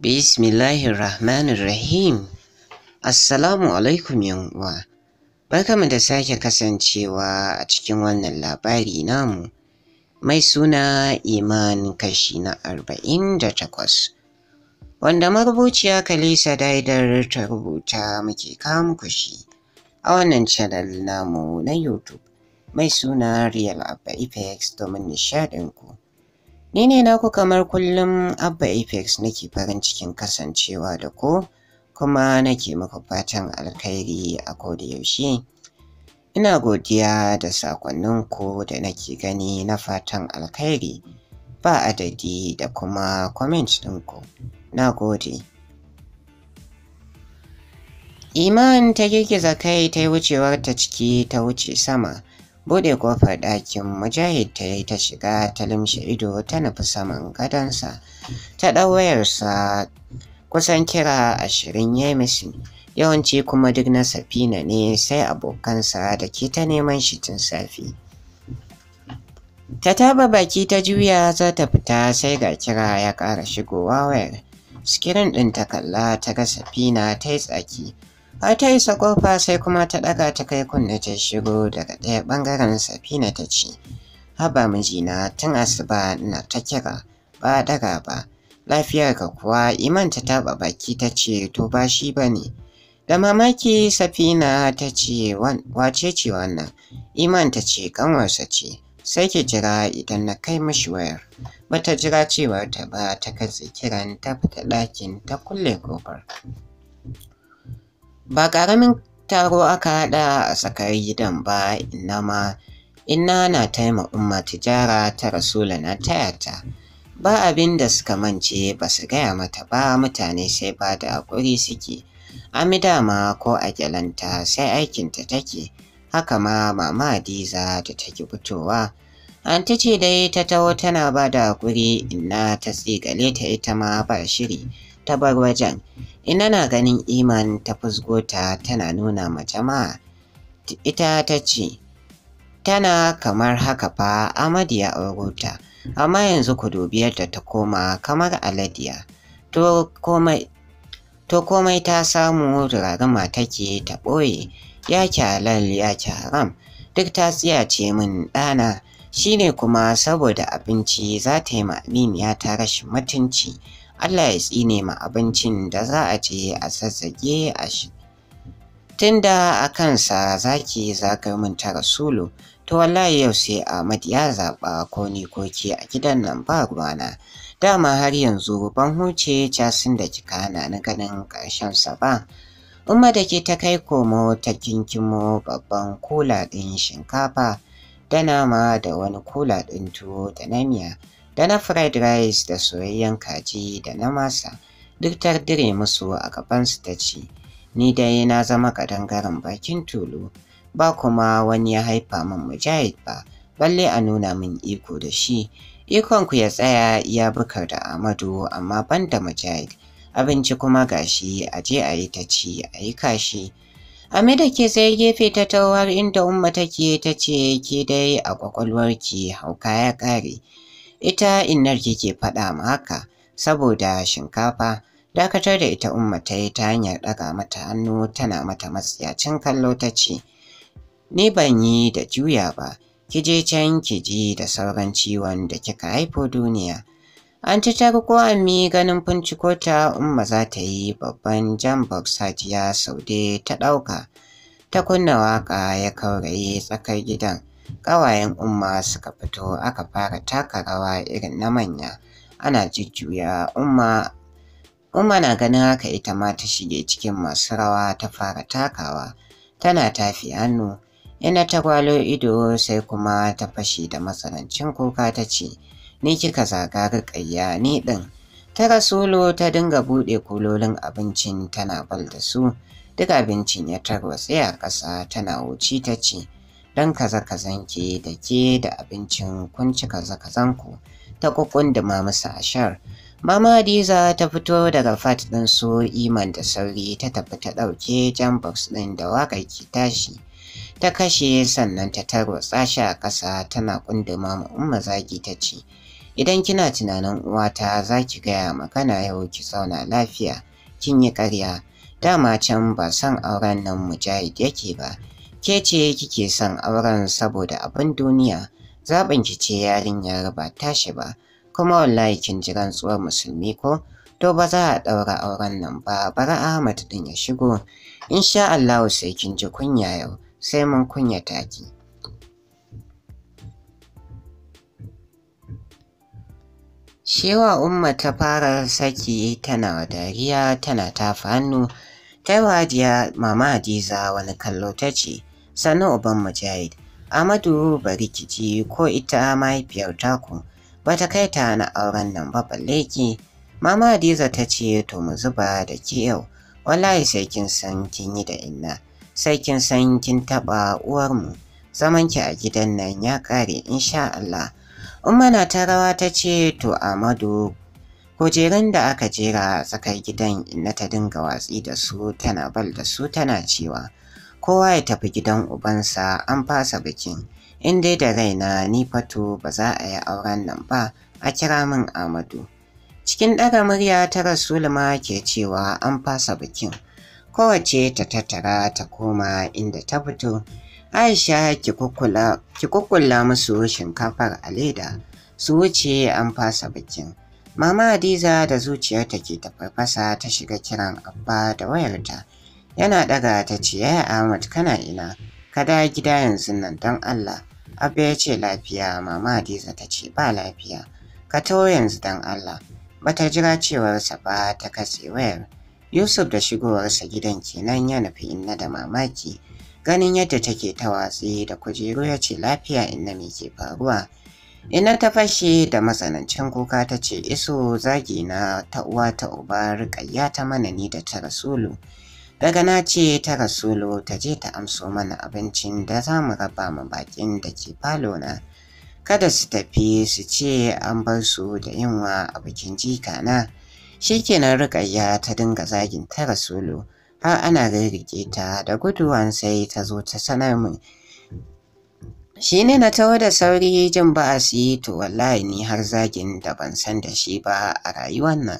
Bismillahirrahmanirrahim. Assalamu alaikum uwa. mu da sake kasancewa a cikin wannan labari namu. Mai suna Iman kashi na arba'in da takwas. Wanda marubuciya Kalisa Daidar ta rubuta muke kamu kushi a wannan channel namu na YouTube. Mai suna Real Abba Apex domin ku. Ni ne naku kamar kullum Abba Apex nake farin cikin kasancewa da ku kuma nake muku fatan alkhairi a koda yaushe. Ina godiya da sakonnin ku da nake gani na fatan alkhairi ba adadi da kuma comments ɗinku. Na gode. Iman ta girgiza kai ta yi ta ciki ta wuce sama. Bude kofar ɗakin Mujahid ta yi ta shiga ta limshe ido ta nufi saman gadonsa. Ta ɗau kusan kira ashirin ya misi. Yawanci kuma duk na safina ne sai abokansa da ke ta neman shi tun safi. Ta taba baki ta juya za ta fita sai ga kira ya ƙara shigowa wayar. Sikirin ɗin ta kalla ta ga safina ta yi tsaki. Har ta isa ƙofa sai kuma ta ɗaga ta kai kunne ta shigo daga ɗaya ɓangaren safina ta ce, Haba mijina tun asuba na ta kira ba ɗaga ba, lafiyar ka kuwa imanta ta taɓa baki ta ce to ba shi ba ne. Da mamaki safina ta ce wace ce wannan, iman ta ce ƙanwarsa ce. sai ke jira idan na kai mishi wayar. Bata jira cewar ta ba ta kai kiran ta fita ɗakin ta kulle kofar. ba ƙaramin taro aka haɗa a tsakar gidan ba inna ma inna na taima umma tijara ta rasula na taya ta ba abin da suka mance ba su gaya mata ba mutane sai ba da haƙuri suke amida ma ko a gyalanta sai aikinta take haka ma mama Hadiza da take fitowa Anti ce dai ta taho tana ba da haƙuri inna ta tsigale ta ita ma ba shiri. ta bar wajen. Ina na ganin iman ta fusgota tana nuna ma jama'a. Ita ta ce, tana kamar haka fa Amadu ya auro ta, amma yanzu ku dubi yadda ta koma kamar aladiya. To komai ta samu rarama take ta ɓoye, ya ki halal ya ki haram, duk ta tsiyace min ɗana, shine kuma saboda abinci za ta yi ma ta rashin mutunci. Allah ya tsine ma abincin da za a ce a zazzage a shi. Tunda a kansa zaki zagar mun ta rasulu, to wallahi yau sai Ahmad ya zaɓa ko ni ko ke a gidan nan ba ruwana. Dama har yanzu ban huce casin da kika na na ganin ƙarshen sa ba. Umma da ke ta kai komo ta kinkimo babban kula ɗin shinkafa da nama da wani kula ɗin tuwo da na miya. da na fried rice da soyayyen kaji da na masa duk dire musu a gabansu ta ce ni dai na zama kadangaren bakin tulu ba kuma wani ya haifa min mujahid ba balle a nuna min iko da shi ikonku ya tsaya ya bukar da amadu amma ban da mujahid abinci kuma gashi a je a yi ta ci a yi kashi da ke sai gefe ta tawar inda umma take ta ce ke dai a ƙwaƙwalwarki, hauka ya ƙare. ita innar kike faɗa ma haka saboda shinkafa dakatar da ita umma ta ta hanyar ɗaga mata hannu tana mata matsiyacin kallo ta ce ni ban yi da juya ba ki je can ki ji da sauran ciwon da kika haifo duniya an ci ta ko mi ganin finciko umma za ta yi babban jan box hajiya saude ta ɗauka ta kunna waƙa ya kauraye tsakar gidan Ƙawayen Umma suka fito aka fara taka rawa irin na manya. Ana jujjuya Umma Umma na ganin haka ita ma ta shige cikin masu rawa ta fara takawa. Tana tafi hannu. Ina ta gwalo ido sai kuma ta fashi da matsanancin kuka ta ce, Ni kika zaga riƙayya ni ɗin. Ta rasulu ta dinga buɗe kulolin abincin tana bal da su. Duk abincin ya tarwatse a ƙasa tana wuci ta ce, ɗan kaza-kazan ke da ke da abincin kunci kaza-kazan ku ta kukunduma musu ashar. Mama Hadiza ta fito daga fat ɗin su Iman da sauri ta tafi ta ɗauke jan box ɗin da waƙar ki tashi. Ta kashe sannan ta tarwatsa shi a ƙasa tana kunduma ma umma zagi ta ce, Idan kina tunanin uwata za ki gaya magana yau ki zauna lafiya, kin yi ƙarya, dama can ba san auren nan mujahid yake ba. ke ce kike son auren saboda abin duniya ki ce yarinyar ba tashi ba kuma wallahi kin ji rantsuwar musulmi ko to ba za a ɗaura auren nan ba bara Ahmad din ya shigo insha Allah sai kin ji kunya yau sai mun kunya taki Shewa Umma ta fara saki tana dariya tana tafa hannu ta yi mama Hadiza wani kallo ta ce sannan uban mujahid amadu bari ki ko ita mahaifiyar taku ba ta kai ta na auren nan ba balle ki mama hadiza ta ce to mu zuba da ki yau wallahi sai kin san kin yi da inna sai kin san kin taɓa uwarmu ki a gidan nan ya ƙare insha Allah Ummana ta rawa ta ce to Amadu kujerun da aka jera tsakar gidan inna ta dinga watsi da su tana bal da su tana cewa kowa ya tafi gidan ubansa an fasa bikin in dai da rai na, ni fato ba za a yi auren nan ba a kira min Amadu cikin ɗaga murya ta rasulma ke cewa an fasa bikin kowace ta tattara ta koma inda ta fito Aisha ki kukkula musu shinkafar a leda su wuce an fasa bikin Mama Hadiza da zuciyarta ke tafarfasa ta shiga kiran Abba da wayarta. Yana ɗaga ta ce Ahmad kana ina ka da gida yanzu nan don Allah. Abba ya ce lafiya mama Hadiza ta ce ba lafiya. Ka taho yanzu don Allah. Bata jira cewarsa ba ta katse wayar. Yusuf da shigowarsa gidan kenan ya nufi inna da mamaki. Ganin yadda take ta watsi da kujeru ya ce lafiya inna me ke faruwa. Inna ta fashe da matsanancin kuka ta ce iso zagi na ta uwa ta uba riƙayya ta manani da ta rasulu. daga na ce ta rasulu ta je ta amso mana abincin da za mu raba ma bakin da ke falo na kada su tafi su ce an bar su da yunwa a bikin jika na Shi shikenan rukayya ta dinga zagin ta rasulu har ana rirriƙe ta da guduwan sai ta zo ta sanar mu shi ne na taho da sauri jin ba a yi to wallahi ni har zagin da ban san da shi ba a rayuwar nan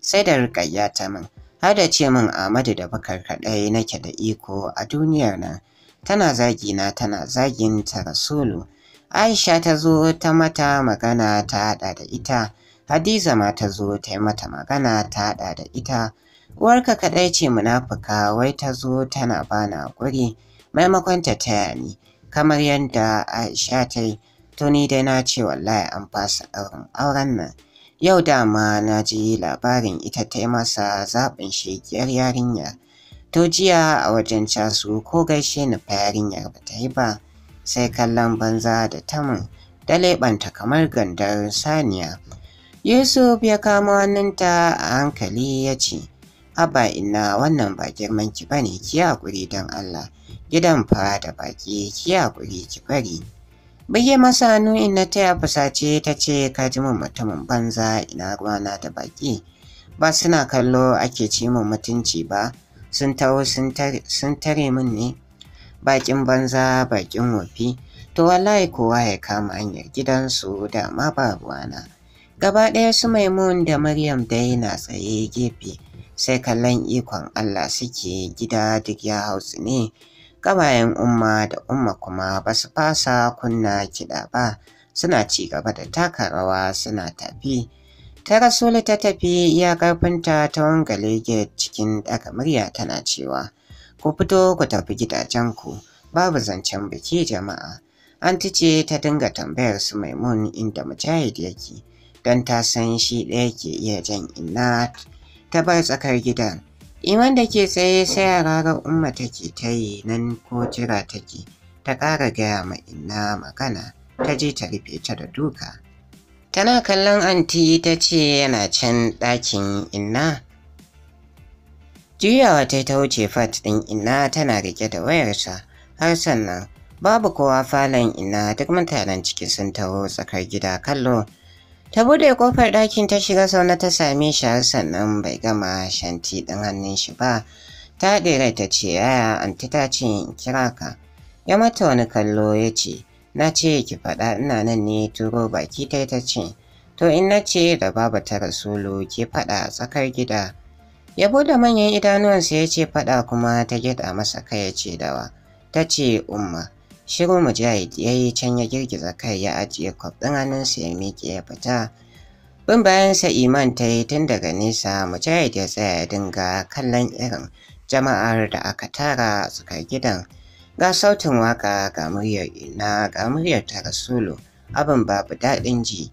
sai da rukayya ta min Hada ce min Ahmadu da Bakar kaɗai nake da iko a duniyar nan tana zagina tana zagin ta Rasulu Aisha ta zo ta mata magana ta haɗa da ita Hadiza ma ta zo ta yi mata magana ta haɗa da ita uwarka kaɗai ce munafuka wai ta zo tana bana guri maimakon ta taya ni kamar yadda Aisha ta yi to ni dai na ce wallahi an fasa ɗaurin auren nan Yau da ma na ji labarin ita ta yi masa zaɓin shekiyar yarinya. To jiya a wajen casu ko gaishe ni fa yarinyar ba ta yi ba, sai kallon banza da tamun da leɓanta kamar gandar saniya. Yusuf ya kama wannanta a hankali ya ce, Haba ina wannan ba girman ki bane ki haƙuri don Allah, gidan fa da baƙi ki haƙuri ki bari. bayye masa hannu inna ta ya fusace ta ce ka ji mun mutumin banza ina rwana da baki. Ba suna kallo ake ci min mutunci ba, sun taho sun tare min ne. Bakin banza bakin wofi, to wallahi kowa ya kama hanyar gidansu da ma ba ruwana. Gaba ɗaya su Maimun da Maryam dai na tsaye gefe, sai kallon ikon Allah suke gida duk ya hausu ne. Ƙawayen Umma da Umma kuma ba su fasa kunna kiɗa ba, suna ci gaba da taka rawa suna tafi. Ta Rasulu ta tafi ya ƙarfinta ta wangale gate cikin ɗaga murya tana cewa, Ku fito ku tafi gidajenku, babu zancen biki jama'a. An ce ta dinga tambayar su Maimun inda Mujahid yake, don ta san shi ɗaya ke iya jan inna ta bar tsakar gidan. Iman da ke tsaye sai rarar umma take ta yi nan ko jira take ta ƙara gaya ma inna magana ta je ta rufe ta da duka. Tana kallon anti ta ce yana can ɗakin ina. Juyawa ta ta wuce fat ɗin ina tana rike da wayarsa har sannan babu kowa falon ina duk mutanen ciki sun taho tsakar gida kallo ta buɗe kofar ɗakin ta shiga Sauna ta same shi har sannan bai gama shanti ɗin hannun shi ba ta rai ta ce yaya anti ta ce in kira ka ya mata wani kallo ya ce na ce ki faɗa ina nan ne turo baki ta ta ce to in na ce da baba ta rasulu ke faɗa a tsakar gida ya bude manyan idanuwansa ya ce faɗa kuma ta gyaɗa masa kai ya ce dawa ta ce umma Shiru Mujahid ya yi can ya girgiza kai ya ajiye kwaf ɗin hannunsa ya miƙe ya fita. Bin bayansa Iman ta yi tun daga nesa Mujahid ya tsaya ya dinga kallon irin jama'ar da aka tara suka gidan. Ga sautin waka ga muryar ina ga muryar ta rasulu abin babu daɗin ji.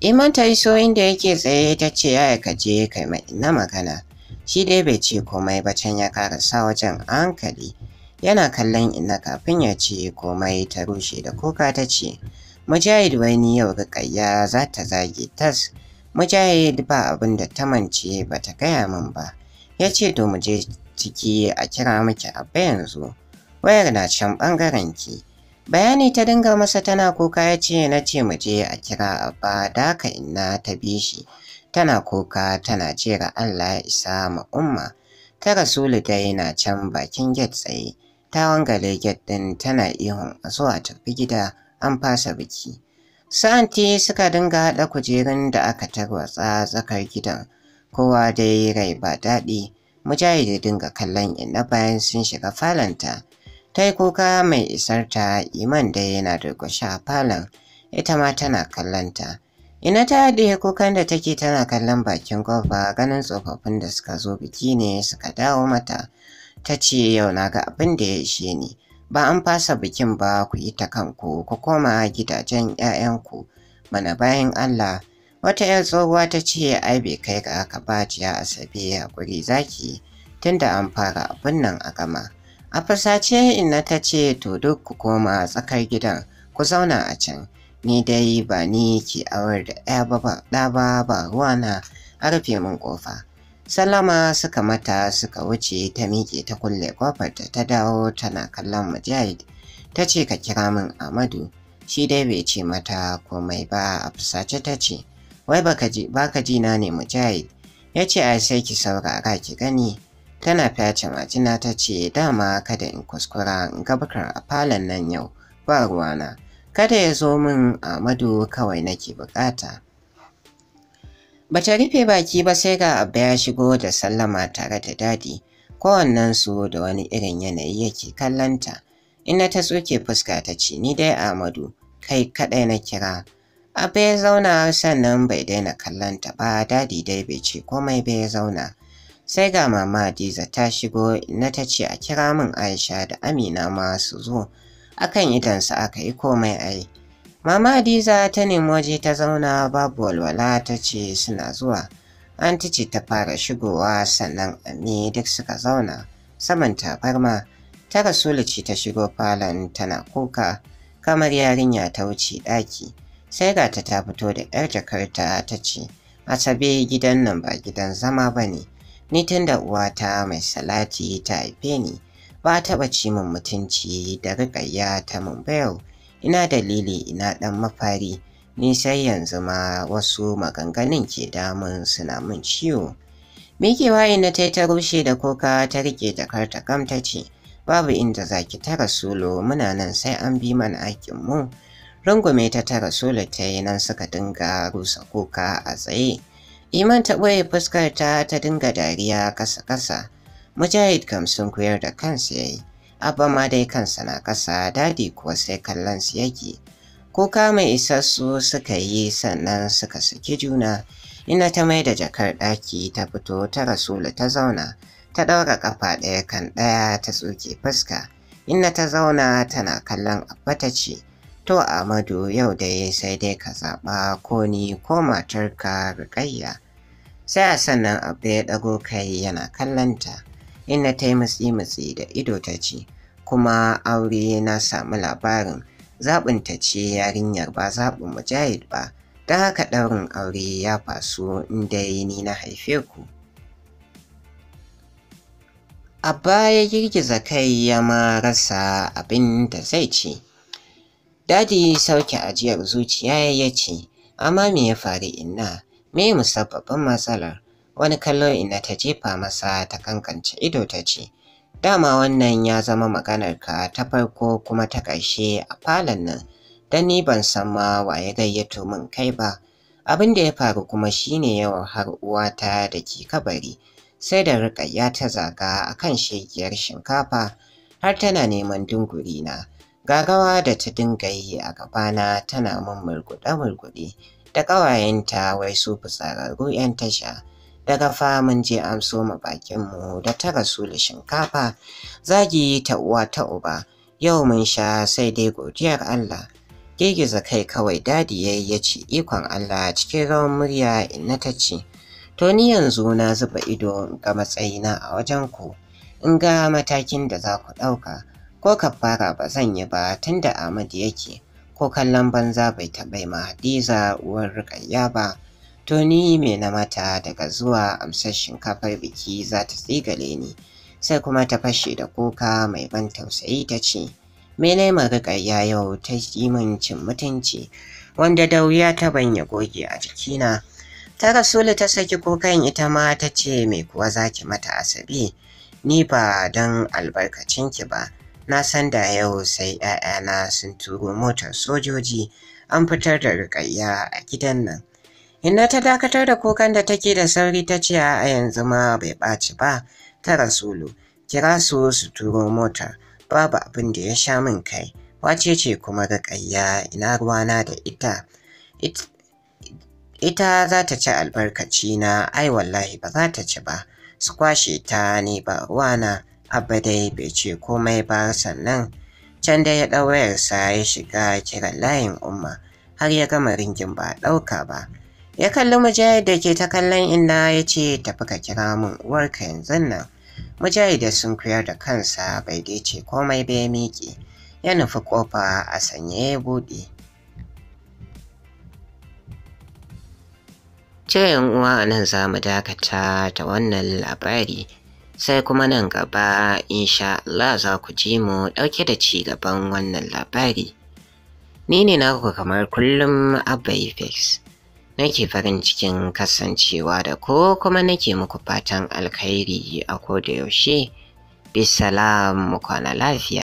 Iman ta yi so inda yake tsaye ta ce ya ka je kai na magana. Shi dai bai ce komai ba can ya karasa wajen hankali. yana kallon inna kafin ya ce komai ta rushe da kuka ta ce mujahid wani yau rikayya za ta zage tas mujahid ba abin da ta mance ba ta gaya min ba ya ce to mu je ciki a kira miki abba yanzu wayar na can ɓangaren ki bayani ta dinga masa tana kuka ya ce na ce mu je a kira abba da haka ina ta bi shi tana kuka tana jera Allah ya isa ma umma ta rasulu dai na can bakin gate tsaye ta wangale get tana ihun a zuwa tafi gida an fasa biki. Sa'anti suka dinga haɗa kujerun da aka tarwatsa tsakar gidan, kowa da ya yi rai ba daɗi, Mujahid ya dinga kallon ina bayan sun shiga falanta. Ta yi kuka mai isar ta, Iman dai yana durƙushe a falon, ita ma tana kallonta. Ina ta haɗe kukan da take tana kallon bakin kofa ganin tsofaffin da suka zo biki ne suka dawo mata. ta ce yau na ga abin da ya ishe ni ba an fasa bikin ba ku yi ta kanku ku koma gidajen 'ya'yanku mana bayan Allah wata 'yar tsohuwa ta ce ai bai kai ga aka ba jiya asabe haƙuri zaki tunda an fara abin nan a gama a fasace ina ta ce to duk ku koma tsakar gidan ku zauna a can ni dai ba ni ke awar da ɗaya ba ba na, a rufe min kofa. Salama suka mata suka wuce ta miƙe ta kulle kofar ta dawo tana kallon Mujahid. Ta ce ka kira min Amadu, shi dai bai ce mata komai ba a fusace ta ce, wai baka ji na ne Mujahid. Ya ce ai sai ki saurara ki gani. Tana fyace majina ta ce dama kada in kuskura in gabakar a falon nan yau ba ruwana. Kada ya zo min Amadu kawai nake bukata. Bata rufe baki ba sai ga Abba ya shigo da sallama tare da dadi. su da wani irin yanayi yake kallanta. Ina ta tsoke fuska ta ce ni dai Amadu, kai kaɗai na kira. Abba ya zauna sannan bai daina kallanta ba dadi dai bai ce komai bai zauna. Sai ga mama Hadiza ta shigo na ta ce a kira min Aisha da Amina ma su zo. Akan idansa aka yi komai ai. Mama Hadiza ta nemi waje ta zauna babu walwala ta ce suna zuwa. Anti ce ta fara shigowa sannan Ami duk suka zauna saman tabarma. Ta rasu ce ta shigo falon tana kuka kamar yarinya ta wuce ɗaki. Sai ga ta ta fito da 'yar jakarta ta ce, Asabe gidan nan ba gidan zama ba ne. Ni tun da uwata mai salati ta haife ni, ba taɓa ci min mutunci da riƙayya ta mun bayau. ina dalili ina ɗan mafari ni sai yanzu ma wasu maganganun ke damun suna mun ciwo. Mikewa ina ta ta rushe da koka ta rike jakar ta ce, Babu inda Zaki ta tara muna nan sai an bi mana aikinmu. Rungume ta ta solo ta yi nan suka dinga rusa koka a tsaye. Iman ta ɓoye fuskar ta ta dinga dariya kasa-kasa. Mujahid kam sun koyar da kansa ya yi. abba ma dai kansa na ƙasa dadi kuwa sai kallon su yake kuka mai isassu suka yi sannan suka saki juna ina ta mai da jakar ɗaki ta fito ta rasula ta zauna ta ɗaura ƙafa ɗaya kan ɗaya ta tsoke fuska na ta zauna tana kallon abba ta ce to amadu yau dai sai dai ka zaɓa ko ni ko matarka rukayya sai a sannan abba ya ɗago kai yana kallonta. In ta yi matsi-matsi da ido ta ce, kuma aure na samu labarin zaɓin ta ce yarinyar ba zaɓin mujahid ba, ta haka ɗaurin aure ya faso dai ni na haife ku. Abba ya girgiza kai ya ma rasa abin da zai ce. Dadi sauke ajiyar zuciya ya ce, amma me ya faru inna, me musabbabin matsalar? wani kallo ina ta jefa masa ta kankance ido ta ce dama wannan ya zama maganar ka ta farko kuma ta ƙarshe a falon nan don ni ban san ma wa ya gayyato min kai ba abin da ya faru kuma shine yawan har uwata da ke kabari sai da riƙayya ta zaga a kan shekiyar shinkafa har tana neman dunguri na gagawa da ta dinga yi a gabana tana min murguɗe-murguɗe da ƙawayenta wai su fitsararru 'yan tasha daga fa mun je amso ma bakin mu da ta rasu da shinkafa zagi ta uwa ta uba yau mun sha sai dai godiyar Allah girgiza kai kawai dadi yayi ya ce ikon Allah cikin rawan murya inna ta ce to ni yanzu na zuba ido ga matsayina a wajen ku in ga matakin da za ku ɗauka ko ka fara ba zan yi ba tunda Ahmad yake ko kallon banza bai taɓa ma Hadiza uwar rikayya ba Tony mai na mata daga zuwa amsar shinkafar biki za ta tsigale ni sai kuma ta fashe da kuka mai ban tausayi ta ce mene mariƙayya yau ta yi min cin mutunci wanda da wuya ta banya goge a jikina ta rasulu ta saki kukan ita ma ta ce mai kuwa za ki mata asabi ni ba don albarkacinki ba na san da yau sai 'ya'yana sun turo motar sojoji an fitar da rikayya a gidan nan Inna ta dakatar da kukan da take da sauri ta ce a yanzu ma bai ɓaci ba ta rasulu kira su su turo mota babu abin da ya sha min kai wace ce kuma ƙayya ina ruwana da ita ita za ta ci albarkaci na ai wallahi ba za ta ci ba su kwashe ta ne ba na. abba dai bai ce komai ba sannan can da ya ɗau wayarsa ya shiga kiran layin umma har ya gama ringin ba ɗauka ba ya kalli mujahid da ke ta kallon inna ya ce tafi ka kira min uwarka yanzu nan mujahid da sun kuyar da kansa bai dai ce komai bai miƙe ya nufi ƙofa a sanye ya buɗe ce uwa a nan za mu dakata ta wannan labari sai kuma nan gaba insha Allah za ku ji mu ɗauke da ci gaban wannan labari ni ne naku kamar kullum abba nake farin cikin kasancewa da ko kuma nake muku fatan alkhairi a koda yaushe bisalam mu kwana lafiya